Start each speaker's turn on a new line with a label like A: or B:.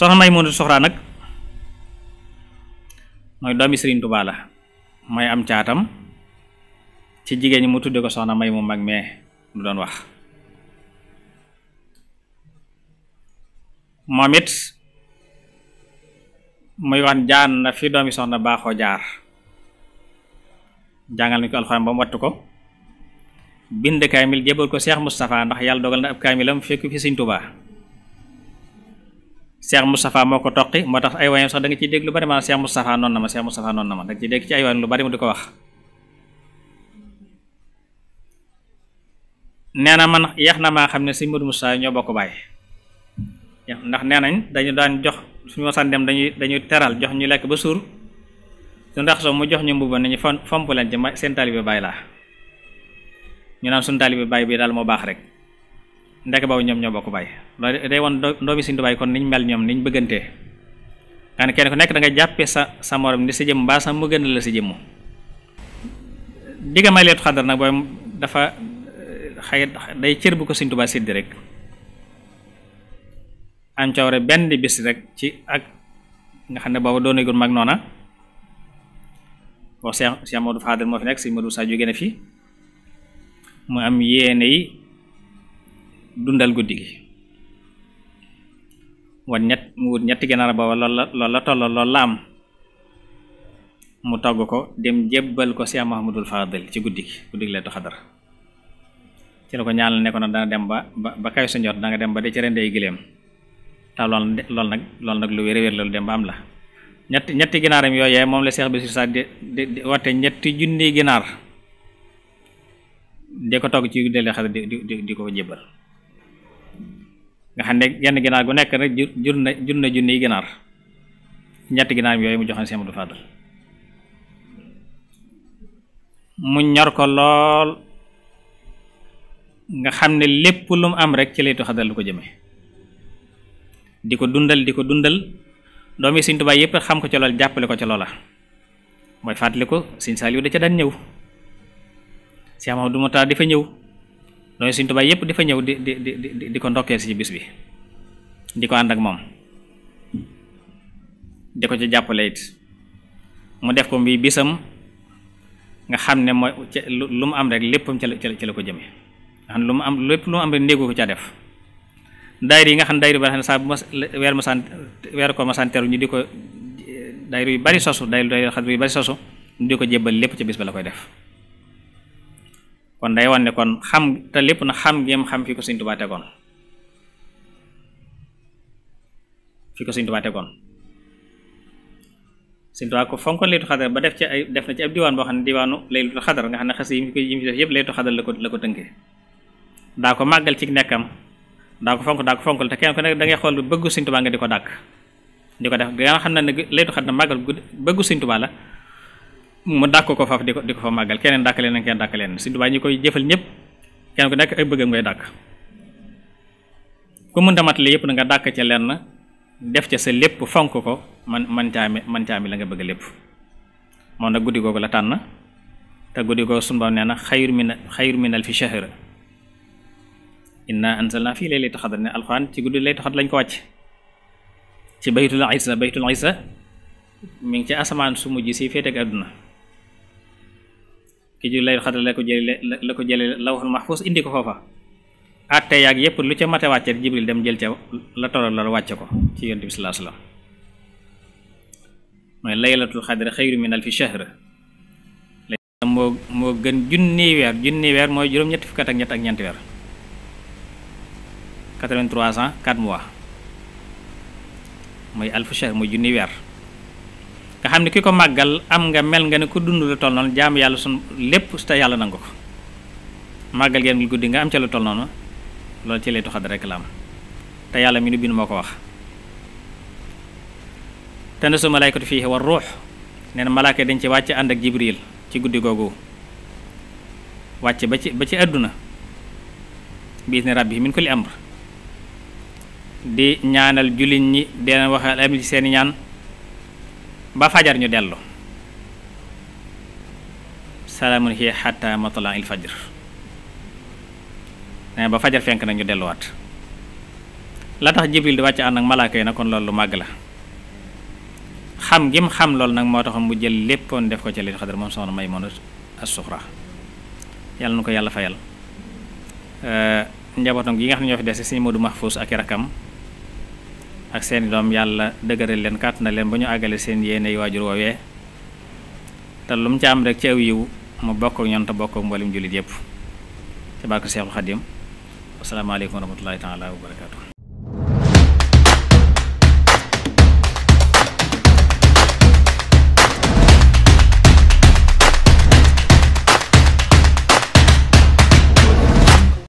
A: soxna Maymunatu Soxra nag mooy doomi Sëriñ Tuubaa la mooy am caatam ci jigéen ñi mu tudde ko soxna may mu mag mee lu doon wax moom it muy wax jaan na fi doomi soxna baaxoo jaar jàngal nañ ko alxuraan ba mu wattu ko bind kaamil jébbal ko Seex Mustafaa ndax yàlla dogal na ab kaamilam fekk fi Sëriñ Tuubaa Cheikh Moustapha moo ko toqi moo tax ay waayam sax danga nga ciy dégg lu bari maanaam Cheikh Moustapha noonu na ma Cheikh Moustapha noonu na ma da nga dégg ci ay lu bari mu di ko wax nee na man yeex na maa xam ne si Modou Moustapha ñoo bokk bàyyi ndax nee nañ dañu daan jox suñu mosaan dem dañuy dañuy teral jox ñu lekk ba suur su ndax soo mu jox ñu mbubb nañu fomp leen ci seen taalibe bàyyi laa ñu naan suñu taalibe baay bi daal moo baax rek ndeke boobu ñoom ñoo bokk baay loolu day woon ndoomi Sëriñ Tuubaa kon niñ mel ñoom niñ bëggantee nga ne kenn nekk da jàppee sa sa morom ni sa jëmm mbaa mu gën la sa jëmm digga may leetu xadar nag dafa xëy day bu ko Sëriñ Tuubaa séddi rek benn bis rek ci ak nga xam ne boobu doon mag noona boo Cheikh Cheikh Modou moo fi nekk Sëriñ Modou Sa jóge na fi mu am yéene yi dundal guddi gi wut ñett mu wut ñetti ganaar booba lool la lool la tolloo lool la am mu togg ko dem jébbal ko Cheikh Mahamadul Fadil ci guddi gi guddi gi Laylatul Qadr ci la ko ñaanal ne ko nag dana dem ba ba kay su danga dem ba di ci rendee gileem taw lool lool nag lool nag lu wér-wér loolu dem ba am la ñetti ñetti ginaaram yooyee moom la Cheikh Bassirou Sarr di di wate di ci guddi Laylatul Qadr di di di ko jébbal nga xam ne genn ginaar gu nekk rek jur na jur na junniy ginaar ñetti ginaar yooyu mu joxoon Sëñ Abdou Fadal mu ñor ko lool nga xam ne lépp lu mu am rek ci laytu xadar lu ko jëme di ko dundal di ko dundal doomi Sëñ Tuubaa yëpp xam ko ca lool jàppale ko ca loola mooy fàttali ko Sëñ Saaliw da ca daan ñëw Cheikh Mahamadou Mouta di fa ñëw loolu Sëriñ Tuubaa yëpp di fa ñëw di di di di ko ndokkeel si bis bi di ko ànd ak moom di ko ci jàppale it mu def ko mbii bisam nga xam ne mooy lu mu am rek léppam ca la ci la ko jëme nga xam lu mu am lépp lu mu am rek néegu ko ca def daayira yi nga xam ne daayira ba xam ne saa bu ma weer ma sant weer ko ma sant ñu di ko daayira yu bari sosu daayira yu bari sosu ñu di ko jébbal lépp ca bis ba la koy def kon day wan ne kon xam te lépp na xam ngeen xam fi ko Sëriñ Tuubaa tegoon fi ko Sëriñ Tuubaa tegoon Sëriñ Tuubaa ko fonkoon laytu xadar ba def ci ay def na ci ab diwaan boo xam ne diwaanu laytu xadar nga xam ne xas yi mu fi yi mu fi def yëpp laytu xadar la ko la ko tënkee daa ko màggal ci nekkam daa ko fonk daa ko fonkal te kenn ku nekk da ngay xool bëggu Sëriñ Tuubaa nga di ko dàkk di ko def nga xam ne nag laytu xadar màggal bëggu Sëriñ Tuubaa la mu dàkk ko faaf di ko di ko fa màggal keneen dàkk leen ak keneen dàkk leen Sëñ Tuubaa ñi koy jëfal ñëpp kenn ku nekk ay bëggam ngay dàkk ku mënta matale yëpp na nga dàkk ca lenn def ca sa lépp fonk ko man man caami man caami la nga bëgg lépp moom nag guddi googu la tànn te guddi googu sunu Boroom nee na xayru min xayru fii laylatil qadr ne alxuraan ci guddi laylatul qadr lañ ko wàcc asamaan su mujj si féete ak àdduna ki ju layul xadar la ko jële la ko jële lawhul mahfuz indi ko foofa atte yaag yëpp lu ca mate wàcce jibril dem jël ca la tolloon loolu wàcce ko ci yonent bi sallallahu alayhi wasallam mooy laylatul xadar xayru moo moo gën junniy weer junniy weer mooy juróom-ñetti fukk ak ñett ak ñeenti weer 83 ans 4 mois mooy alfu shahr mooy junni weer xam ne ki ko màggal am nga mel nga ne ku dund lu toll noonu jaamu yàlla sun lépp te yàlla nangu ko màggal geen gi guddi nga am ca lu toll noonu loolu ci laytu xadr rek la am te yàlla mi nu bind moo ko wax tanasu malaykatu fii war ruux nee na dañ ci wàcc ànd ak jibril ci guddi googu wàcc ba ci ba ci àdduna biis ne rabbi min kulli amr di ñaanal jullit ñi deen waxal am ci seeni ñaan ba fajar ñu dellu salaamun hiya xatta matla il fajr nee ba fajar fenk na ñu delluwaat la tax jibril di wàcc ànd ak malaaka na kon loolu lu màgg la xam gim xam loolu nag moo taxoon mu jël léppoon def ko ci leen xadar moom soxna Maymuna as-Suxra yàlla na ko yàlla fayal njabootam gi nga xam ne ñoo fi des si Modou Mahfous ak i rakkam ak seen doom yàlla dëgëral leen kàtt na leen ba ñu àggale seen yéene waajur woowee te lu mu am rek ci aw mu bokk ak ñoom te bokk ak mboolem jullit yëpp ci barke Seexul Xadim asalaamaaleykum wa rahmatullahi taala wa